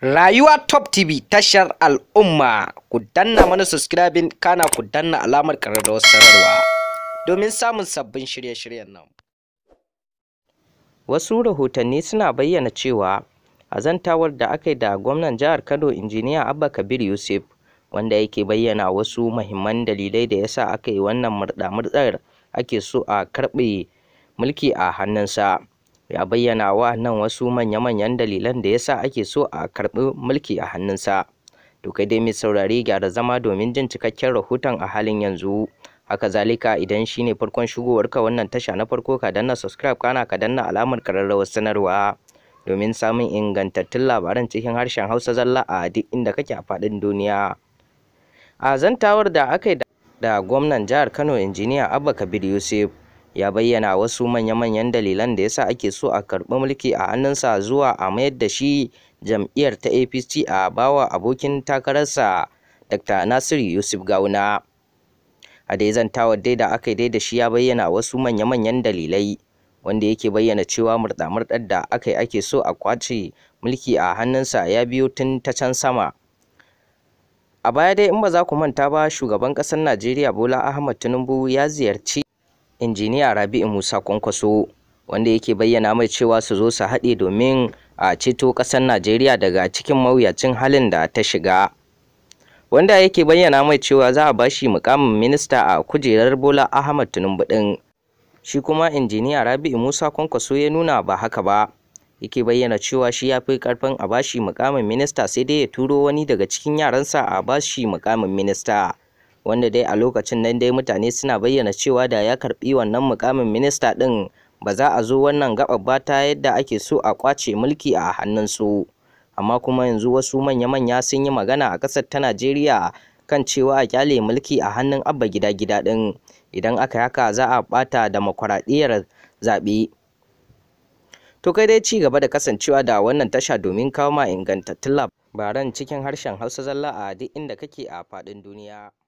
Rayuwa Top TV tashar al'umma ku danna mana subscribing kana ku danna alamar ƙararrawar sanarwa domin samun sabbin shirye-shiryen nan. Wasu rahotanni suna bayyana cewa a da aka yi da gwamnan jihar Kano injiniya Abba Kabir Yusuf wanda yake bayyana wasu muhimman dalilai da yasa aka yi wannan murda murdar ake so a karɓe mulki a hannunsa. ya bayyana wa nan wasu manya-manyan dalilan da ya yasa ake so a karɓi mulki a hannunsa. To kai dai mai saurari gyara zama domin jin cikakken rahoton a halin yanzu. Haka zalika idan shine farkon shigowarka wannan tasha na farko ka danna subscribe kana ka danna alamar kararrawar sanarwa. domin samun ingantattun labaran cikin harshen Hausa zalla a duk inda kake a faɗin duniya. A zantawar da aka yi da gwamnan jihar Kano injiniya Abba Kabir Yusuf ya bayyana wasu manya-manyan dalilan da yasa ake so a karɓi mulki a hannunsa zuwa a mayar da shi jam'iyyar ta APC a bawa abokin takararsa Dr. Nasiru Yusuf Gauna. A dai zantawar dai da aka dai da shi ya bayyana wasu manya-manyan dalilai wanda yake bayyana cewa murɗa-murɗar da aka ake so a kwace mulki a hannunsa ya biyo tun ta can sama. A baya dai in ba za ku manta ba shugaban ƙasar Najeriya Bola Ahmad Tinubu ya ziyarci injiniya rabi'u musa kwankwaso wanda yake bayyana mai cewa su zo su haɗe domin a ceto ƙasar najeriya daga cikin mawuyacin halin da ta shiga wanda yake bayyana mai cewa za a ba shi mukamin minista a kujerar bola ahmad tinubu ɗin shi kuma injiniya rabi'u musa kwankwaso ya nuna ba haka ba yake bayyana cewa shi ya fi karfin a bashi mukamin minista sai dai ya turo wani daga cikin yaransa a bashi mukamin minista wanda dai a lokacin nan dai mutane suna bayyana cewa da ya karbi wannan mukamin minista din ba za a zo wannan gaba ba ta yadda ake so a kwace mulki a hannunsu amma kuma yanzu wasu manya-manya sun yi magana a ƙasar ta najeriya kan cewa a kyale mulki a hannun abba gida gida din idan aka haka za a bata demokuraɗiyyar zaɓe to kai dai ci gaba da kasancewa da wannan tasha domin kawo ma ingantattun labaran cikin harshen hausa zalla a duk inda kake a faɗin duniya